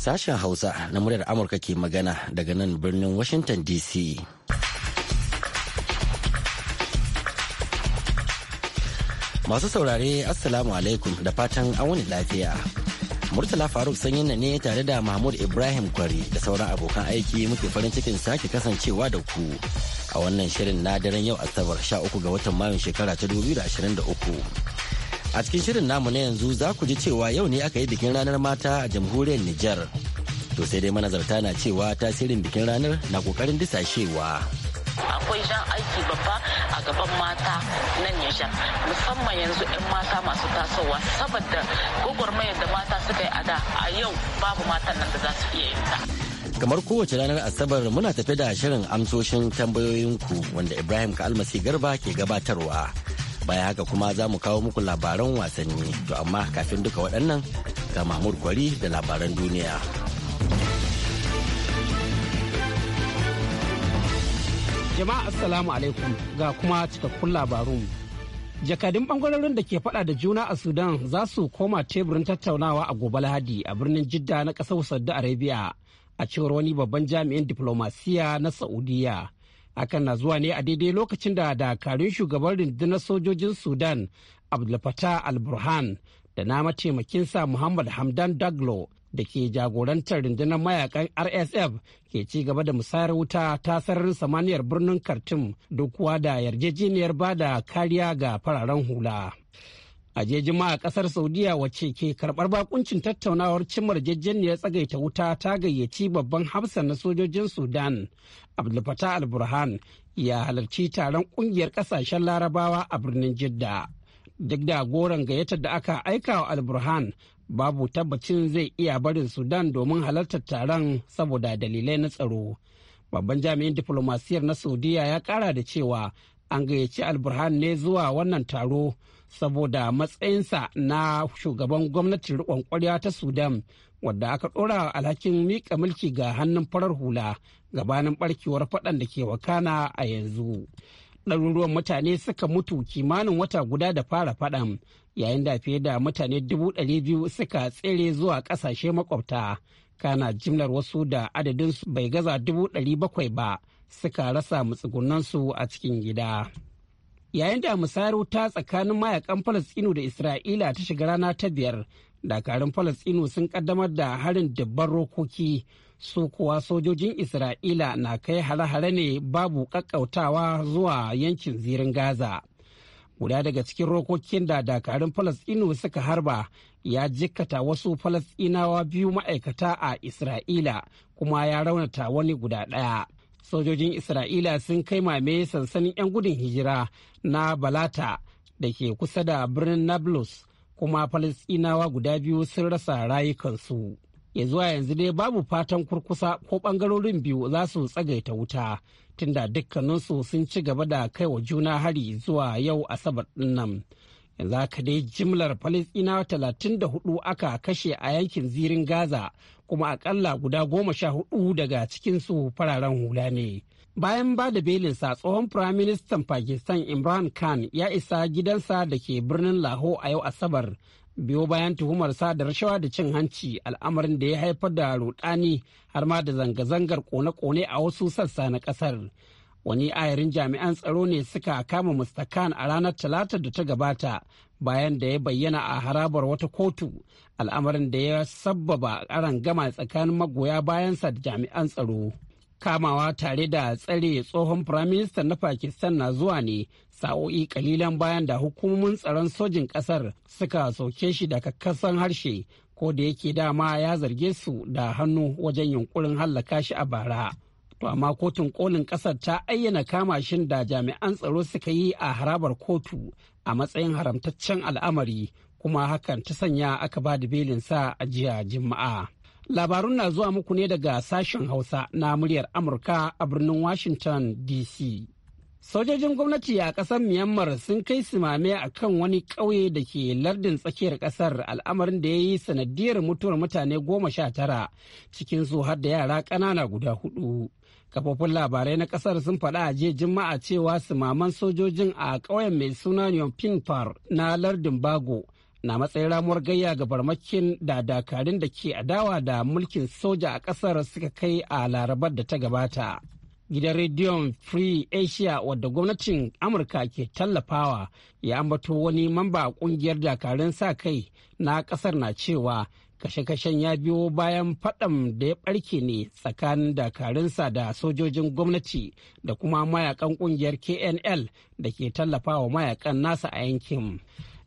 Sashen Hausa na muryar Amurka ke magana daga nan birnin Washington DC. Masu saurare, Assalamu alaikum da fatan an wani lafiya. Murtala Faruk sanyin na ne tare da Mahmud Ibrahim Kwari da sauran abokan aiki muke farin cikin sake kasancewa da ku a wannan shirin na daren yau Asabar 13 ga watan Mayun shekara ta 2023. A cikin shirin namu na yanzu za ku ji cewa yau ne aka yi bikin ranar mata a jamhuriyar Nijar. To sai dai manazarta na cewa tasirin bikin ranar na kokarin disashewa. akwai jan aiki babba a gaban mata nan Nijar musamman yanzu 'yan mata masu tasowa saboda gwagwarmayar da mata suka yi a da a yau babu matan nan da za su iya yin ta. kamar kowace ranar asabar muna tafe da shirin amsoshin tambayoyinku wanda ibrahim ka almasi garba ke gabatarwa baya haka kuma za mu kawo muku labaran wasanni to amma kafin duka waɗannan ga mahmud kwari da labaran duniya. Jama'a Assalamu alaikum ga kuma cikakkun labarun. Jakadun bangarorin da ke fada da juna a Sudan za su koma teburin tattaunawa a gobe Lahadi a birnin Jidda na ƙasar Saudi Arabia a cewar wani babban jami'in diplomasiya na Saudiya. Hakan na zuwa ne a daidai lokacin da dakarun shugaban rundunar sojojin Sudan Abdulfatah Al-Burhan da na mataimakinsa Muhammad Hamdan Daglo da ke jagorantar rundunar mayakan rsf ke ci gaba da musayar wuta ta sararin samaniyar birnin khartoum duk kuwa da yarjejeniyar ba da kariya ga fararen hula a jejima a kasar saudiya wacce ke karbar bakuncin tattaunawar cimar jejjeniyar tsagaita wuta ta gayyaci babban hafsa na sojojin sudan abdulfatah Alburhan ya halarci taron kungiyar kasashen larabawa a birnin jidda duk da goron gayyatar da aka aika wa alburhan babu tabbacin zai iya barin sudan domin halartar taron saboda dalilai na tsaro babban jami'in diflomasiyyar na saudiya ya kara da cewa an gayyaci alburhan ne zuwa wannan taro saboda matsayinsa na shugaban gwamnatin riƙon ƙwarya ta sudan wadda aka ɗora alhakin miƙa mulki ga hannun farar hula gabanin ɓarkewar faɗan da ke wakana a yanzu ɗaruruwan mutane suka mutu kimanin wata guda da fara faɗan yayin da fiye da mutane dubu ɗari biyu suka tsere zuwa ƙasashe makwabta kana jimlar wasu da adadin bai gaza dubu ɗari bakwai ba suka rasa matsugunansu a cikin gida yayin da musayar wuta tsakanin mayakan falastinu da isra'ila ta shiga rana ta biyar dakarun falastinu sun kaddamar da harin dubban rokoki su kuwa sojojin isra'ila na kai hare-hare ne babu kakkautawa zuwa yankin zirin gaza guda daga cikin rokokin da dakarun falasɗinu suka harba ya jikkata wasu falasɗinawa biyu ma'aikata a isra'ila kuma ya raunata wani guda ɗaya sojojin isra'ila sun kai mame sansanin 'yan gudun hijira na balata da ke kusa da birnin nablus kuma falasɗinawa guda biyu sun rasa rayukansu ya zuwa yanzu dai babu fatan kurkusa ko ɓangarorin biyu za su tsagaita wuta tunda dukkaninsu sun ci gaba da kai wa juna hari zuwa yau asabar ɗinnan nan yanzu aka dai jimlar falisdinawa talatin da hudu aka kashe a yankin zirin gaza kuma akalla guda goma sha hudu daga cikinsu fararen hula ne bayan ba da belinsa tsohon firaministan pakistan imran khan ya isa gidansa da ke birnin laho a yau asabar biyo bayan tuhumar da rashawa da cin hanci al'amarin da ya haifar da rudani har ma da zanga-zangar kone-kone a wasu sassa na kasar wani ayarin jami'an tsaro ne suka kama mustakan a ranar talata da ta gabata bayan da ya bayyana a harabar wata kotu al'amarin da ya sabbaba gama tsakanin magoya bayansa da jami'an tsaro kamawa tare da tsare tsohon firaministan na pakistan na zuwa ne sa'o'i kalilan bayan da hukumomin tsaron sojin ƙasar suka soke shi daga kasan harshe ko da yake dama ya zarge su da hannu wajen yunkurin hallaka shi a bara. To amma kotun kolin ƙasar ta ayyana kama shin da jami'an tsaro suka yi a harabar kotu a matsayin haramtaccen al'amari kuma hakan ta sanya aka ba da belinsa a jiya juma'a. Labarun na zuwa muku ne daga sashen Hausa na muryar Amurka a birnin Washington DC. Sojojin gwamnati a ƙasar Myanmar sun kai simame a kan wani ƙauye da ke lardin tsakiyar ƙasar al'amarin da ya yi sanadiyar mutuwar mutane goma sha tara cikinsu har da yara ƙanana guda hudu. Kafofin labarai na ƙasar sun faɗa a jiya Juma'a cewa simaman sojojin a ƙauyen mai suna PINPAR na lardin Bago na matsayin ramuwar gayya ga farmakin da dakarun da ke adawa da mulkin soja a ƙasar suka kai a larabar da ta gabata. gidan rediyon free asia wadda gwamnatin amurka ke tallafawa ya ambato wani mamba kungiyar dakarun sa kai na kasar na cewa kashe-kashen ya biyo bayan faɗan da ya ɓarke ne tsakanin dakarunsa da sojojin gwamnati da kuma mayakan ƙungiyar knl da ke tallafawa mayakan nasa a yankin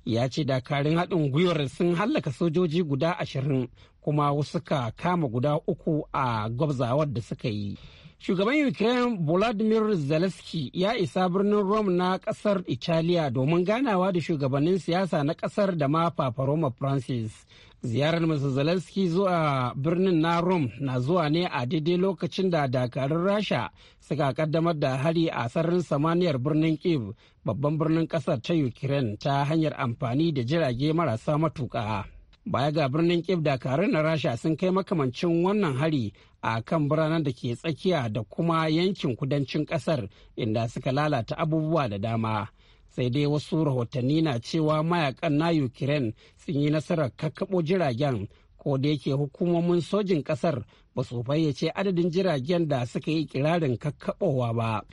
ya ce dakarun haɗin gwiwar sun hallaka sojoji guda ashirin kuma wasu ka kama guda uku a gwabzawar da suka yi Shugaban Ukraine Volodymyr Zelensky ya isa birnin Rome na kasar Italiya domin ganawa da shugabannin siyasa na kasar da ma Papa Roma Francis. Ziyarar Mr. Zelensky zuwa birnin na Rome na zuwa ne a daidai lokacin da dakarun Rasha suka kaddamar da hari a sararin samaniyar birnin Kiev, babban birnin kasar ta Ukraine ta hanyar amfani da jirage marasa matuka baya ga birnin kif dakarun na rasha sun kai makamancin wannan hari a kan biranen da ke tsakiya da kuma yankin kudancin kasar inda suka lalata abubuwa da dama sai dai wasu rahotanni na cewa mayakan na ukraine sun yi nasarar kakkaɓo jiragen ko da yake hukumomin sojin kasar ba su fayyace adadin jiragen da suka yi kirarin kakkaɓowa ba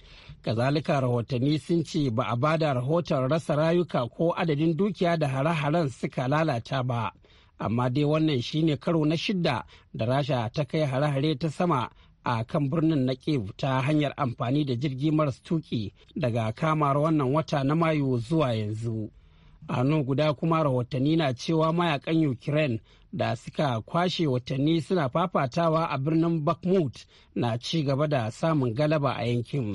kazalika rahotanni sun ce ba a bada rahoton rasa rayuka ko adadin dukiya da hare-haren suka lalata ba amma dai wannan shine karo na shidda da rasha ta kai hare-hare ta sama a kan birnin na kiev ta hanyar amfani da jirgi maras tuki daga kamar wannan wata na mayu zuwa yanzu a nan guda kuma rahotanni na cewa mayakan ukraine da suka kwashe watanni suna fafatawa a birnin bakhmut na ci gaba da samun galaba a yankin.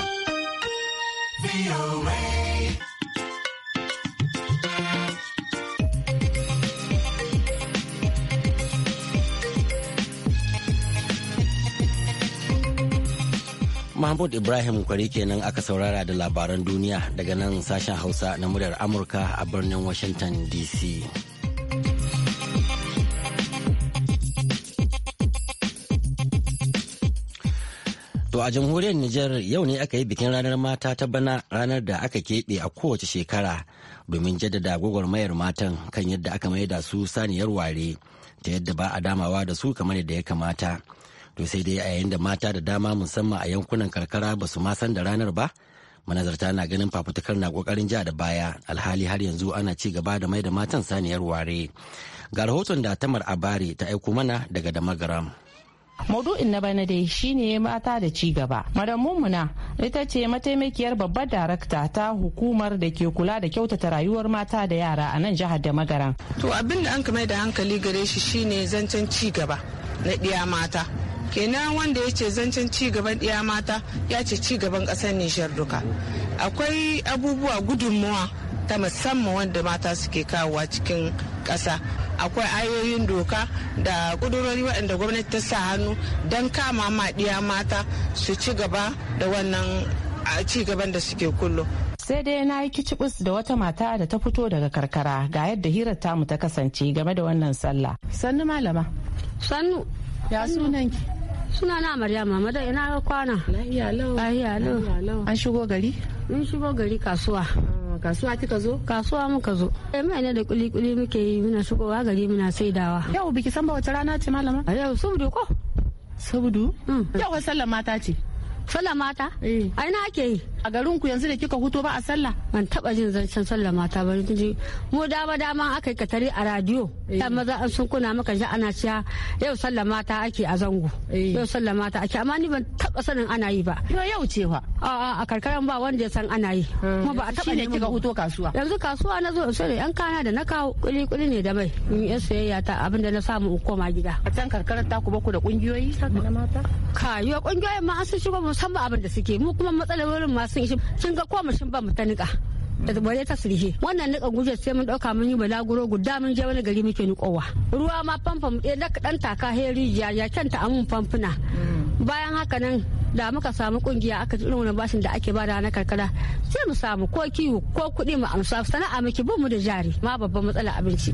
Mahmud Ibrahim Kwari kenan aka saurara da labaran duniya daga nan sashen Hausa na muryar Amurka a birnin Washington DC. To a jamhuriyar Nijar yau ne aka yi bikin ranar mata ta bana ranar da aka keɓe a kowace shekara domin jaddada gwagwarmayar matan kan yadda aka mai da su saniyar ware ta yadda ba a damawa da su kamar da ya kamata. to sai dai a yayin da mata da dama musamman a yankunan karkara ba su ma san da ranar ba manazarta na ganin fafutukar na kokarin ja da baya alhali har yanzu ana ci gaba da mai da matan saniyar ware ga rahoton da tamar abari ta aiko mana daga damagaram Maudu'in na bana dai shine mata da ci gaba. Madam Mumuna ita ce mataimakiyar babbar darakta ta hukumar da ke kula da kyautata rayuwar mata da yara a nan jihar da magaran. To abin da an mai da hankali gare shi shine zancen ci gaba na ɗiya mata. kenan wanda ya ce zancen cigaban ɗiya mata ya ce gaban ƙasar nishar duka akwai abubuwa gudunmuwa ta musamman wanda mata suke kawowa cikin ƙasa akwai ayoyin doka da ƙudurori waɗanda gwamnati ta sa hannu don kama ma mata su ci gaba da wannan ci gaban da suke kullu. sai dai na yi kicibis da wata mata da ta fito daga karkara ga yadda hirar tamu ta kasance game da wannan sallah sannu malama sannu ya sunan ki suna na maryama mada ina kwana lahiya lau an shigo gari mun shigo gari kasuwa ah, kasuwa kika zo kasuwa muka zo eh mai ne da kuli kuli muke yi muna shigowa gari muna saidawa yau biki san ba wata rana ce malama yau subdu ko subdu mm. yau sallar mata ce sallah mata eh. ai na ake yi a garin ku yanzu da kika huto ba a sallah ban taba jin zancen sallah mata ba ji mu dama dama aka yi katare a radio eh. da maza an sun kuna maka ji ana cewa yau sallah mata ake a zango eh. yau sallah mata ake amma ni ban taba sanin ana yi ba yau ce fa a a karkaran ba wanda ya san ana yi kuma ba a taba ne kika huto kasuwa yanzu kasuwa na zo sai yan kana da na kawo kuli kuli ne da mai in yi soyayya ta abinda na samu in koma gida a can karkarar ta ku ba ku da kungiyoyi saka mata ka yi kungiyoyin ma an ba shigo san ba abin da suke mu kuma matsalolin masu ishi sun ga ko mashin ba mu ta nika da bare ta sirhe wannan nika guje sai mun dauka mun yi balaguro guda mun je wani gari muke nikowa ruwa ma famfam ɗaya eh, da dan taka heri ya ya kanta amun famfuna mm. bayan haka nan da muka samu kungiya aka irin wani bashin da ake bada na karkara sai mu samu ko kiwo ko kuɗi mu amsa sana'a muke bin mu da jari ma babban matsala abinci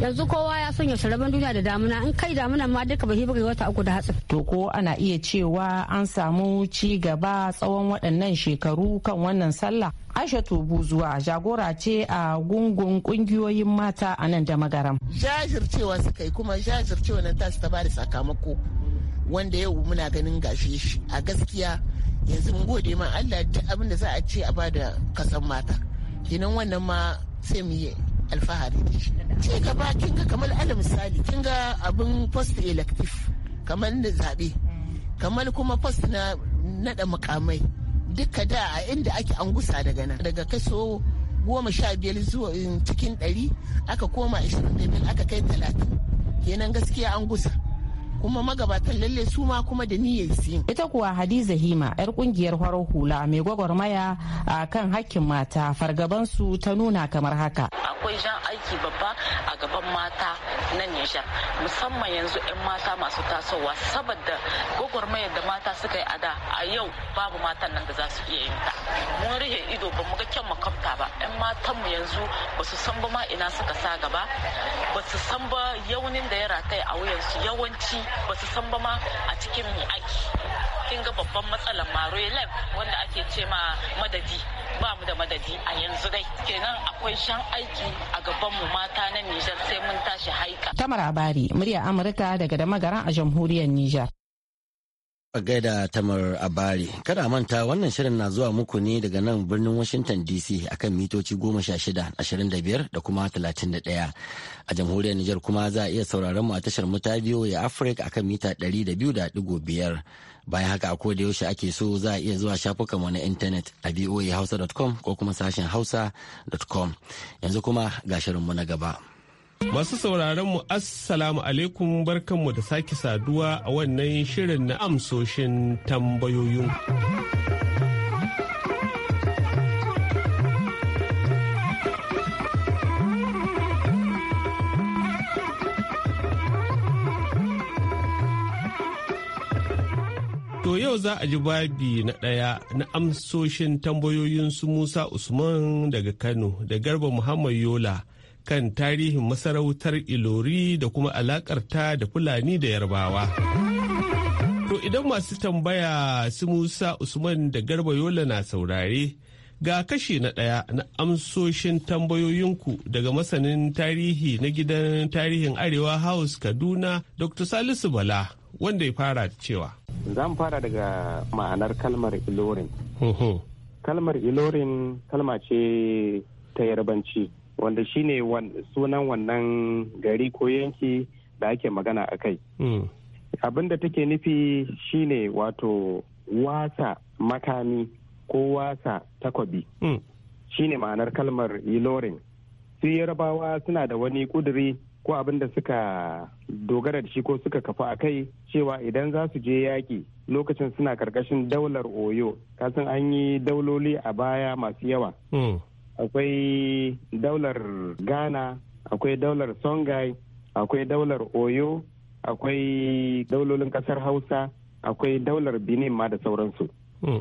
yanzu kowa ya son yaushe duniya da damuna in kai damuna ma duka bai bari wata uku da hatsi. to ko ana iya cewa an samu ci gaba tsawon waɗannan shekaru kan wannan sallah aishatu buzuwa jagora ce a gungun kungiyoyin mata a nan da magaram jajircewa suka yi kuma jajircewa nan su ta ba da sakamako wanda yau muna ganin gashe shi a gaskiya yanzu mun gode ma Allah duk abinda za a ce a bada kasan mata kinan wannan ma sai mu yi alfahari da shi ce gaba kin ga kamar ala misali kin ga abin post elective kamar da zabe kamar kuma post na nada mukamai duka da a inda ake angusa gusa daga nan daga kaso goma sha biyar zuwa eh, cikin ɗari aka koma ashirin da aka kai talatin kenan gaskiya an gusa kuma magabatan lalle su ma kuma da niyyar su ita kuwa hadiza hima yar kungiyar farar hula mai gwagwarmaya a kan hakkin mata fargaban su ta nuna kamar haka akwai jan aiki babba a gaban mata na nijar musamman yanzu 'yan mata masu tasowa saboda gwagwarmayar da mata suka yi a da a yau babu matan nan da za su iya yin ta mun rihe ido ba mu ga kyan makwabta ba yan matan mu yanzu ba su san ba ma ina suka sa gaba ba su san ba yaunin da ya rataya a wuyan su yawanci ba su san ba ma a cikin mu aiki kin ga babban matsalar maroyi lab wanda ake ce ma madadi ba mu da madadi a yanzu dai kenan akwai shan aiki a gaban mu mata na Nijar sai mun tashi haika. Tamar Abari, murya Amurka daga da magaran a jamhuriyar Nijar. a gaida tamar abari kada manta wannan shirin na zuwa muku ne daga nan birnin washington dc akan mitoci goma sha shida, ashirin da kuma 31 a jamhuriyar niger kuma za a iya sauraron mu a tashar muta biyo ya afirka akan mita 200.5 bayan haka a da yaushe ake so za a iya zuwa shafukan mu na intanet a voahausa.com ko kuma sashen hausa.com yanzu kuma ga shirin mu na gaba. Masu sauraron mu Assalamu alaikum barkanmu da sake saduwa a wannan shirin na amsoshin tambayoyin. To yau za a ji babi na ɗaya na amsoshin tambayoyin su Musa Usman daga Kano da Garba Muhammad Yola. kan tarihin masarautar ilori da kuma ta da fulani da yarbawa to idan masu tambaya su musa usman da garba yola na saurare ga kashi na ɗaya na amsoshin tambayoyinku daga masanin tarihi na gidan tarihin arewa house kaduna dr salisu bala wanda ya fara cewa zan fara daga ma'anar kalmar ilorin kalmar ilorin kalma ce ta yarbanci wanda shine sunan wannan gari ko yanki da ake magana a kai hmm. abin da take nufi shine wato wasa makami ko wasa takobi hmm. shine ma'anar kalmar ilorin su yarabawa suna da wani kuduri ko abin da suka dogara da shi ko suka kafa a kai cewa idan za su je yaƙi lokacin suna karkashin daular oyo kasan an yi dauloli a baya masu yawa hmm. akwai daular ghana akwai daular songhai akwai daular oyo akwai daulolin kasar hausa akwai daular benin ma da sauransu hmm.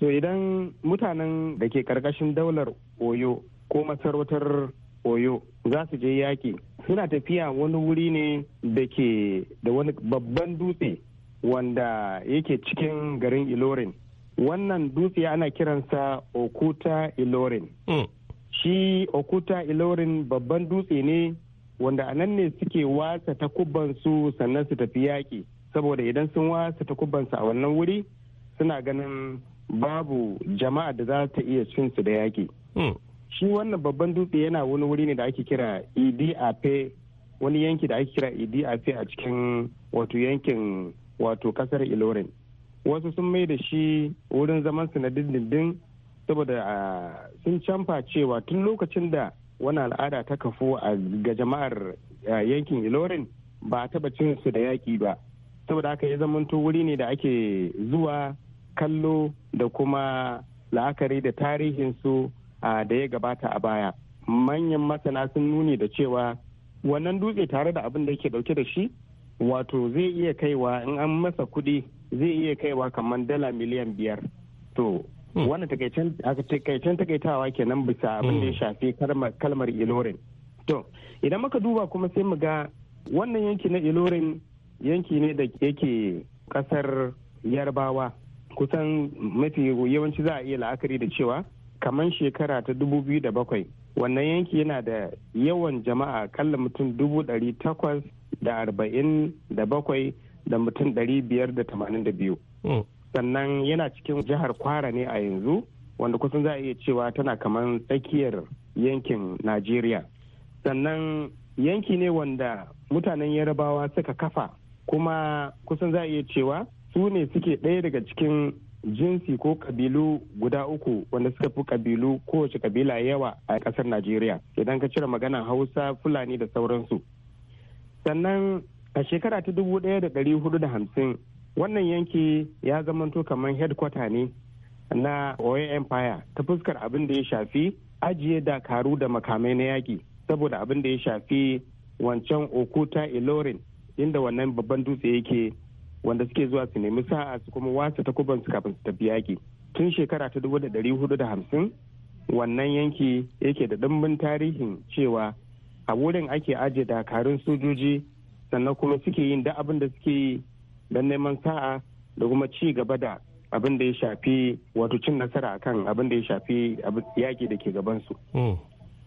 so idan mutanen da ke karkashin daular oyo ko masarautar oyo za su je yaƙi suna tafiya wani wuri ne da ke da wani babban dutse wanda yake cikin garin ilorin wannan dutse ana kiransa okuta ilorin hmm. shi okuta ilorin babban dutse ne wanda a nan ne suke wasa takubansu sannan su tafi yaƙi saboda idan sun wasa takubansu a wannan wuri suna ganin babu jama'a da za ta iya cinsu da yaƙi hmm. shi wannan babban dutse yana wani wuri ne da ake kira idi afe wani yanki da ake kira idi afe a cikin wato yankin wato kasar ilorin wasu sun mai da shi wurin zaman na dindindin saboda sun canfa cewa tun lokacin da wani al'ada ta kafo ga jama'ar yankin ilorin ba a taba cin su da yaƙi ba saboda haka ya zamanto wuri ne da ake zuwa kallo da kuma la'akari da tarihinsu da ya gabata a baya manyan masana sun nuni da cewa wannan dutse tare da abin da yake dauke da shi wato zai iya kaiwa in an masa kuɗi zai iya kaiwa kamar dala miliyan biyar to Hmm. wannan takaicen takaitawa kenan bisa abin da ya hmm. shafi kalmar ilorin to idan muka duba kuma sai mu ga wannan yanki na ilorin yanki ne da yake kasar yarbawa kusan mafi yawanci za a iya la'akari da cewa kamar shekara ta dubu wannan yanki yana da yawan jama'a kalla mutum dubu da arba'in mutum 582 sannan yana cikin jihar kwara ne a yanzu wanda kusan za a iya cewa tana kamar tsakiyar yankin najeriya sannan yanki ne wanda mutanen yarabawa suka kafa kuma kusan za a iya cewa su ne suke ɗaya daga cikin jinsi ko kabilu guda uku wanda suka fi kabilu kowace kabila yawa a ƙasar najeriya idan ka cire maganan hausa fulani da sauransu sannan a shekara ta dubu ɗaya da ɗari hudu da hamsin wannan yanki ya zamanto kamar headquarter ne na oil empire ta fuskar abin da ya shafi ajiye dakaru da makamai na yaƙi saboda abin da ya shafi wancan okuta ilorin inda wannan babban dutse yake wanda suke zuwa su nemi sa'a su kuma wasa ta su kafin su tafi yaƙi tun shekara ta dubu da dari hudu da hamsin wannan yanki yake da ɗimbin tarihin cewa a wurin ake ajiye dakarun sojoji sannan kuma suke yin da abin da suke yi don neman sa'a da kuma ci gaba da abin da ya shafi wato cin nasara akan abin da ya shafi yaƙi da ke gabansu. Hmm.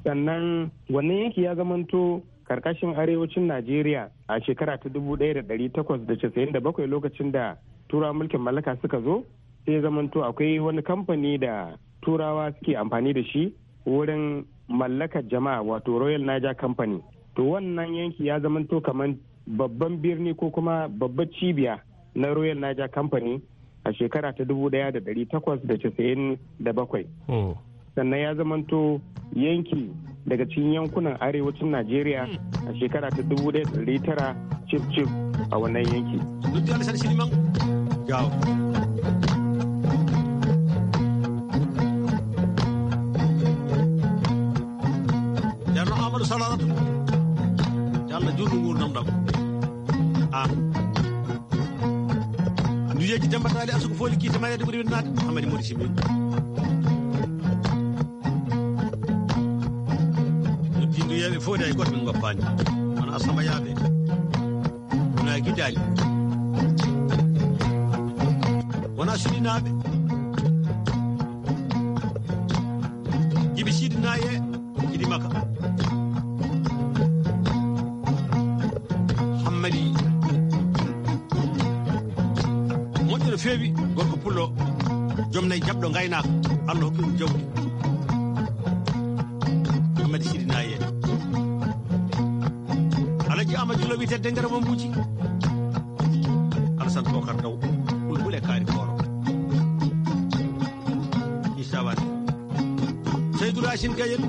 sannan wannan yanki ya zamanto karkashin arewacin najeriya a shekara ta dubu da da da takwas casa'in bakwai lokacin da turawa mulkin mallaka suka zo sai zamanto akwai wani kamfani da turawa suke amfani da shi wurin mallakar jama'a wato royal niger company to wannan yanki ya zamanto kamar babban birni ko kuma babbar cibiya na royal Niger company a shekara ta 1897 hmm. sannan ya zamanto yanki daga cikin yankunan arewacin nigeria a shekara ta 1900 cif cif a wannan yanki Jangan Amadu Salatu, Jalla a'a dujeji jambatali asugu foli kiite mayade ɓuuri winnade hamadi modi sibi noddidu yeɓe fodi hay goto min goppani kono asama yaaɓe wona guidali wona suɗinaɓe rayna allah hokkiɗum jawdi amadi sirina en alaji amadou lo wiyete dengere mo mbuji alassane bocar daw ɓulɓul e kaari kooro isawade seydou racine gayen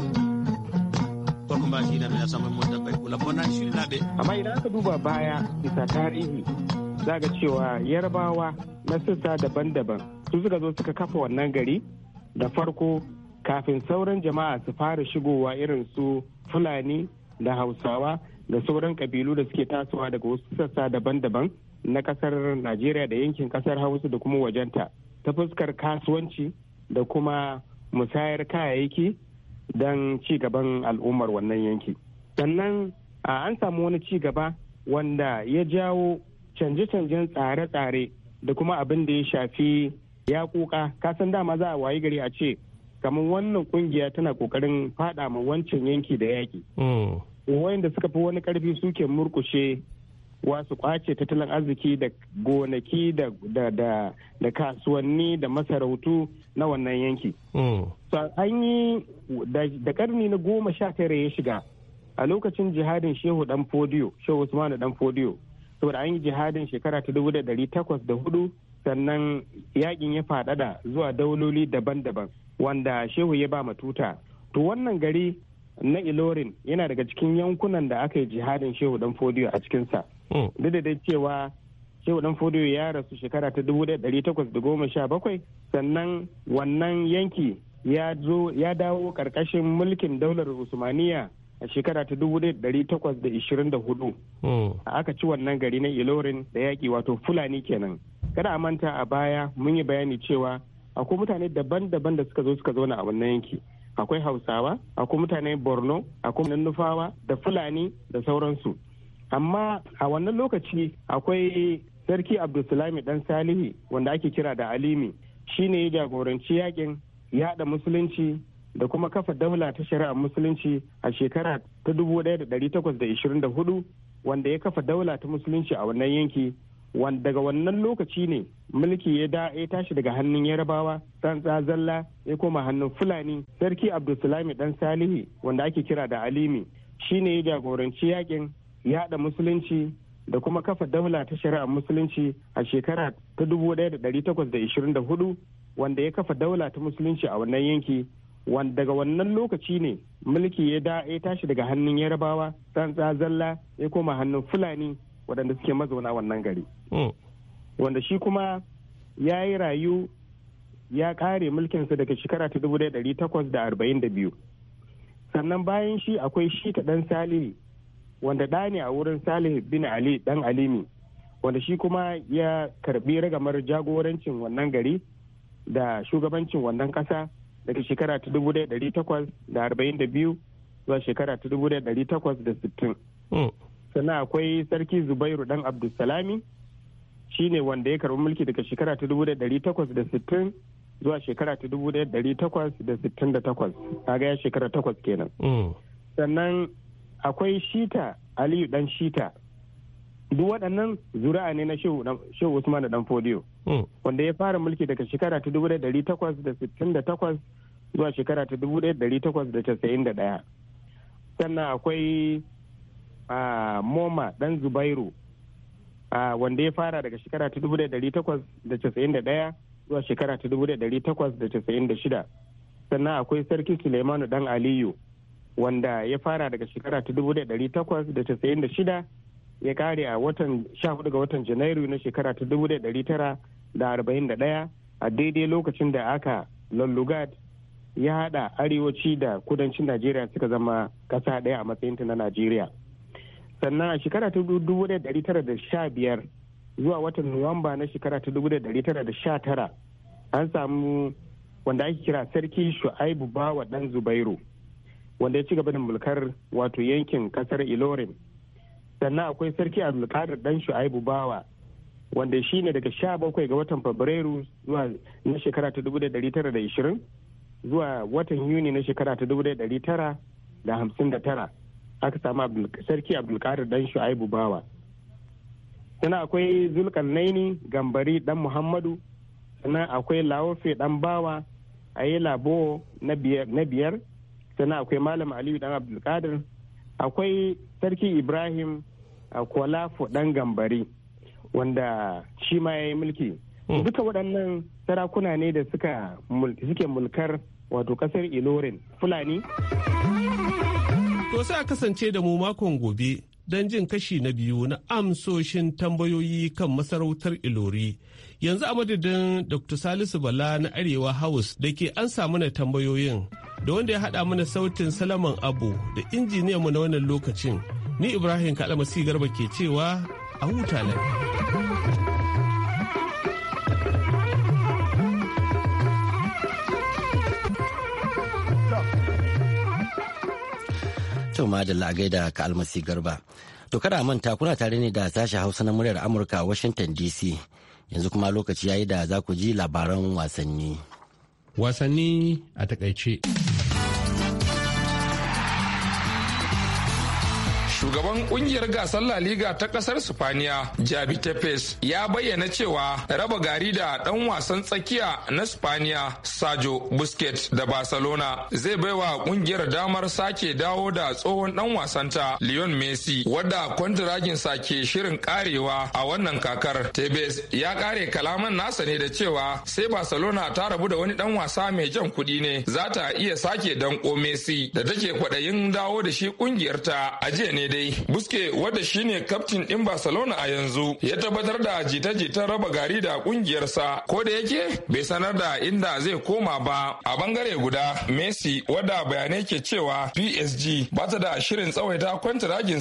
gorko mbasinamen asama mo dabɓay ɓula bonnani sirinaɓe amma iɗa aka duba baya bisa tarihi zaga cewa yarbawa na sassa daban-daban su suka zo suka kafa wannan gari da farko kafin sauran jama'a su fara shigowa irin su fulani da hausawa da sauran kabilu da suke tasowa daga wasu sassa daban-daban na kasar najeriya da yankin kasar hausa da kuma wajenta ta fuskar kasuwanci da kuma musayar kayayyaki don ci gaban al'ummar wannan yanki sannan an samu wani ci gaba wanda ya jawo canje-canjen tsare-tsare da kuma abin da ya shafi ya kuka kasan dama za a wayi gari a ce kamar wannan kungiya tana kokarin fada ma wancan yanki da yaki mm. wayanda suka fi wani karfi suke murkushe wasu kwace tattalin arziki da gonaki da kasuwanni da masarautu na wannan yanki mm. an yi da karni na goma sha tara ya shiga a lokacin jihadin shehu dan fodiyo shehu usmanu dan fodiyo saboda an yi jihadin shekara ta dubu da dari takwas da hudu sannan yakin ya faɗaɗa zuwa dauloli daban-daban wanda shehu ya ba tuta to wannan gari na ilorin yana daga cikin yankunan da aka yi jihadin shehu dan fodiyo a cikinsa hmm. duk da cewa shehu dan fodiyo ya rasu shekara ta 1817 sannan wannan yanki ya zo ya dawo karkashin mulkin daular usmaniya a shekara ta 1824 hmm. aka ci wannan gari na ilorin da yaki wato fulani kenan kada a manta a baya mun yi bayani cewa akwai mutane daban-daban da suka zo suka zauna a wannan yanki akwai hausawa akwai mutane borno akwai nufawa da fulani da sauransu amma a wannan lokaci akwai sarki abdulsalami dan salihi wanda ake kira da alimi shine ya jagoranci yakin yada musulunci da kuma kafa daula ta shari'ar musulunci a shekara ta 1824 wanda ya kafa daula ta musulunci a wannan yanki daga wannan lokaci ne mulki ya da ya tashi daga hannun yarabawa dan tsazalla ya koma hannun fulani sarki abdulsalami dan salihi wanda ake kira da alimi shine ya jagoranci yakin yaɗa musulunci da kuma kafa daula ta shari'ar musulunci a shekara ta dubu da da takwas hudu wanda ya kafa daula ta musulunci a wannan yanki wanda daga wannan lokaci ne mulki ya da ya tashi daga hannun yarabawa tsantsa zalla ya koma hannun fulani waɗanda suke mazauna wannan gari hmm. wanda shi kuma ya yi rayu ya kare mulkinsa daga shekara ta dubu ɗari takwas da arba'in da biyu sannan bayan shi akwai shi ta ɗan salihu wanda ɗa ne a wurin salihu bin ali ɗan alimi wanda shi kuma ya karbi ragamar jagorancin wannan gari da shugabancin wannan ƙasa daga shekara ta dubu ɗari takwas da arba'in da biyu zuwa shekara ta dubu ɗari takwas da sittin hmm. sannan akwai sarki zubairu dan abdulsalami shi ne wanda ya karbi mulki daga shekara ta dubu takwas da sittin zuwa shekara ta dubu takwas da da sittin takwas a gaya shekara takwas kenan mm. sannan akwai shita aliyu dan shita duk waɗannan zuri'a ne na shehu usman da dan fodiyo mm. wanda ya fara mulki daga shekara ta dubu takwas da da sittin takwas zuwa shekara ta dubu takwas da da casa'in ɗaya sannan akwai moma dan zubairu wanda ya fara daga shekara ta 1891 zuwa shekara ta shida sannan akwai sarki suleimanu dan aliyu wanda ya fara daga shekara ta shida ya kare a watan hudu ga watan janairu na shekara ta 1941 a daidai lokacin da aka lullugat ya hada arewaci da kudancin najeriya suka zama kasa daya a matsayinta na najeriya sannan a shekara ta dubu tara da sha biyar zuwa watan nuwamba na shekara ta dubu tara da sha tara an samu wanda ake kira sarki shu'aibu bawa dan zubairu wanda ya ci gaba da mulkar wato yankin kasar ilorin sannan akwai sarki abdulkadir dan shu'aibu bawa wanda shi ne daga Sha bakwai ga watan fabrairu zuwa na shekara ta dubu tara da ishirin zuwa watan yuni na shekara ta dubu tara da da hamsin tara. aka samu sarki abdulkadir dan shu'aibu bawa sannan akwai zulkarnaini gambari dan muhammadu sannan akwai lawofe dan bawa a yi labo na biyar sannan akwai malam aliyu dan abdulkadir akwai sarki ibrahim kwalafo dan gambari wanda shi ma ya yi mulki hmm. duka waɗannan sarakuna ne da suke mulkar wato ƙasar ilorin fulani sai a kasance da mu makon gobe don jin kashi na biyu na amsoshin tambayoyi kan masarautar Ilori. Yanzu a madadin Dr. Salisu Bala na Arewa House da ke an samu tambayoyin da wanda ya haɗa mana sautin Salaman Abu da injiniyanmu na wannan lokacin. Ni Ibrahim Kalamasi Garba ke cewa a huta lafiya. Yusuf madalla a gaida ka almasi garba. To kada manta kuna tare ne da sashen Hausa na muryar Amurka a Washington DC. Yanzu kuma lokaci yayi da za ku ji labaran wasanni. Wasanni a takaice. shugaban kungiyar gasar La Liga ta kasar Spaniya, Javi Tepes, ya bayyana cewa raba gari da dan wasan tsakiya na Spaniya, Sajo Busquets da Barcelona zai baiwa kungiyar damar sake dawo da tsohon dan wasanta Lionel Messi, wadda kwantiraginsa ke shirin karewa a wannan kakar. Tepes ya kare kalaman nasa ne da cewa sai Barcelona ta rabu da wani dan wasa mai jan kuɗi ne za ta iya sake danko Messi da take kwaɗayin dawo da shi ƙungiyarta a jiya ne dai buske wanda shine kaftin din barcelona a yanzu ya tabbatar da jita jitan raba gari da kungiyarsa ko da yake bai sanar da inda zai koma ba a bangare guda messi wadda bayanai ke cewa psg ba ta da shirin tsawaita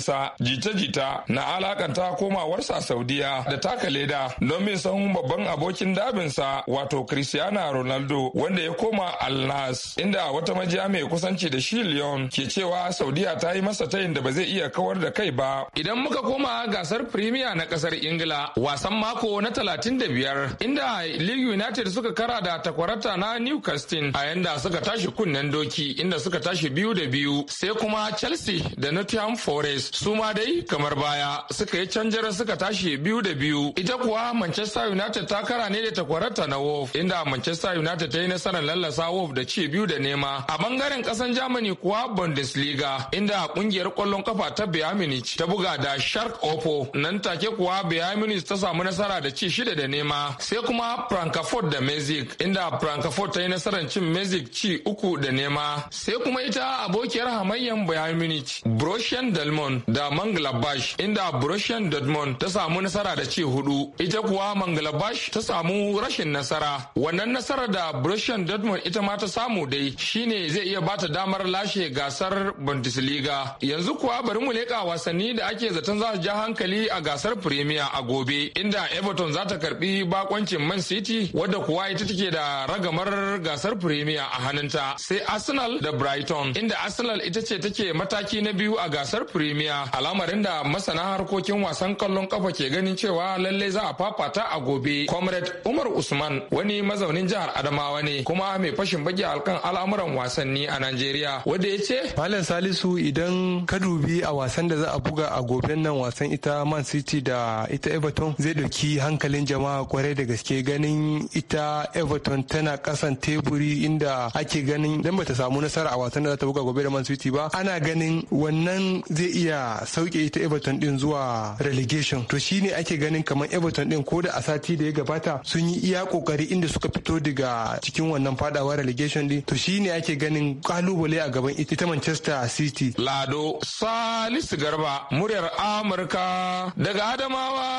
sa jita-jita na alakanta komawarsa saudiya da taka leda don bin sahun babban abokin dabinsa wato cristiano ronaldo wanda ya koma alnas inda wata majiya mai kusanci da shi Lyon ke cewa saudiya ta yi masa tayin da ba zai iya kawar da kai ba idan muka koma gasar premier na kasar ingila wasan mako na 35 inda league united suka kara da takwarata na newcastle a yanda suka tashi kunnen doki inda suka tashi biyu da biyu sai kuma chelsea da nottingham forest su ma dai kamar baya suka yi canjar suka tashi biyu da biyu ita kuwa manchester united ta kara ne da takwarata na wolf inda manchester united ta yi nasarar lallasa wolf da ci biyu da nema a bangaren kasan germany kuwa bundesliga inda kungiyar kwallon kafa ta Biyaminic ta buga da Shark Opo nan take kuwa Biyaminic ta samu nasara da ci shida da nema sai kuma Frankfurt da Mezik inda Frankfurt ta yi nasarar cin Mezik ci uku da nema sai kuma ita abokiyar hamayyan Biyaminic Borussia Dortmund da Mönchengladbach inda Borussia Dortmund ta samu nasara da ci hudu ita kuwa Mönchengladbach ta samu rashin nasara wannan nasarar da Borussia Dortmund ita ma ta samu dai shine zai iya bata damar lashe gasar Bundesliga yanzu kuwa bari mu leƙa wasanni da ake zaton za su ja hankali a gasar Premier a gobe inda Everton za ta karbi bakoncin Man City wadda kuwa ita take da ragamar gasar Premier a hannunta sai Arsenal da Brighton inda Arsenal ita ce take mataki na biyu a gasar Premier al'amarin da masana harkokin wasan kallon kafa ke ganin cewa lalle za a fafata a gobe Comrade Umar Usman wani mazaunin jihar Adamawa ne kuma mai fashin baki alkan al'amuran wasanni a Najeriya Wadda ya ce Malam Salisu idan ka dubi a wasan da za a buga a goben nan wasan ita man city da ita everton zai ɗauki hankalin jama'a kwarai da gaske ganin ita everton tana kasan teburi inda ake ganin dan bata samu nasara a wasan da za ta buga gobe da man city ba ana ganin wannan zai iya sauke ita everton din zuwa relegation to shine ake ganin kamar everton din ko da a sati da ya gabata sun yi iya kokari inda suka fito daga cikin wannan fadawa relegation din to shine ake ganin kalubale a gaban ita manchester city lado sal Salisu Garba, muryar Amurka daga Adamawa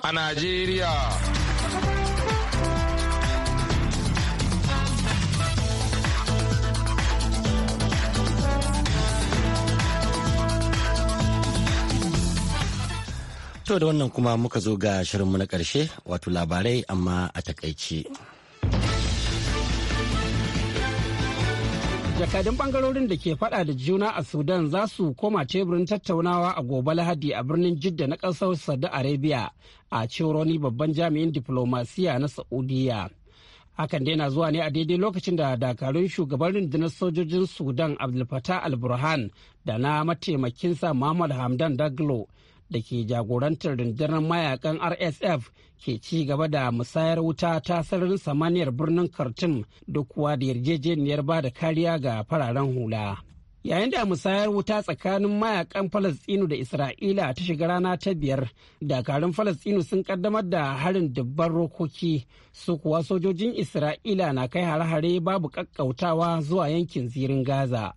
a Najeriya. To da wannan kuma muka zo ga shirinmu na ƙarshe wato labarai amma a takaice. jakadun bangarorin da ke fada da juna a sudan za su koma teburin tattaunawa a gobe lahadi a birnin jidda na ƙasar saudi arabia a cewar babban jami'in diplomasiya na saudiya hakan dai na zuwa ne a daidai lokacin da dakarun shugaban rundunar sojojin sudan abdulfatah al-burhan da na mataimakinsa muhammad hamdan daglo da ke jagorantar rundunar mayakan rsf ke ci gaba da musayar wuta ta sararin samaniyar birnin khartoum duk kuwa da yarjejeniyar ba da kariya ga fararen hula yayin da musayar wuta tsakanin mayakan falastinu da isra'ila ta shiga rana ta biyar dakarun falastinu sun kaddamar da harin dubban rokoki su kuwa sojojin isra'ila na kai hare-hare babu kakkautawa zuwa yankin zirin gaza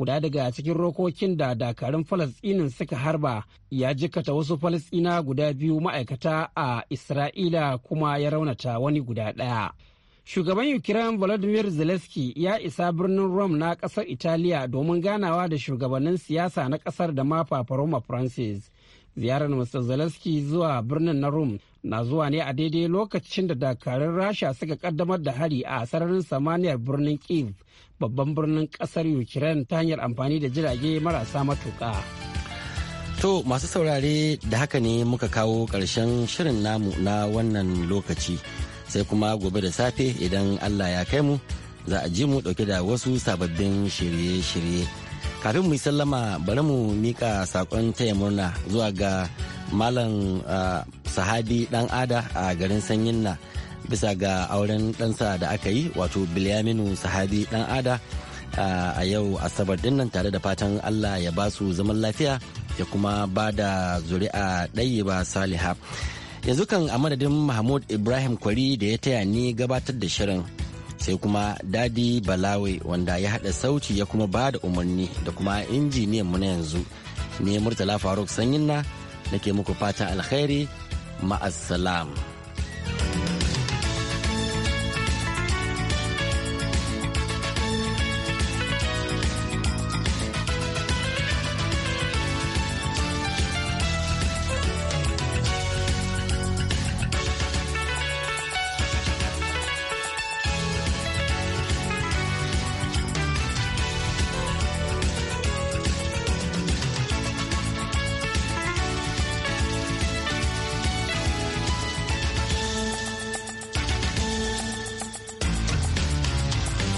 guda daga cikin rokokin da dakarun falasɗinin suka harba ya jikata wasu falasɗina guda biyu ma'aikata a isra'ila kuma ya raunata wani guda ɗaya shugaban ukraine volodymyr zelensky ya isa birnin rome na ƙasar italiya domin ganawa da shugabannin siyasa na ƙasar da ma fafaroma francis ziyarar mr zelensky zuwa birnin na rome na zuwa ne a daidai lokacin da dakarun rasha suka kaddamar da hari a sararin samaniyar birnin kiev babban birnin kasar ukraine ta hanyar amfani da jirage marasa matuƙa. to masu saurare da haka ne muka kawo ƙarshen shirin namu na wannan lokaci sai kuma gobe da safe idan allah ya kai mu za a ji mu dauke da wasu sababbin shirye-shirye kafin mu sallama bari mu mika sakon taya murna zuwa ga malam sahabi dan ada a garin sanyin na bisa ga auren ɗansa da aka yi wato bilyaminu sahabi dan ada a yau asabar dinnan tare da fatan allah ya ba su zaman lafiya ya kuma ba da zuri'a ɗaya ba saliha yanzu kan a madadin mahmud ibrahim kwari da ya taya ni gabatar da shirin sai kuma dadi balawe wanda ya hada sauti ya kuma ba da umarni da kuma injiniyan mu na yanzu ne murtala faruk sanyin na nake muku fata alkhairi ma'assalam.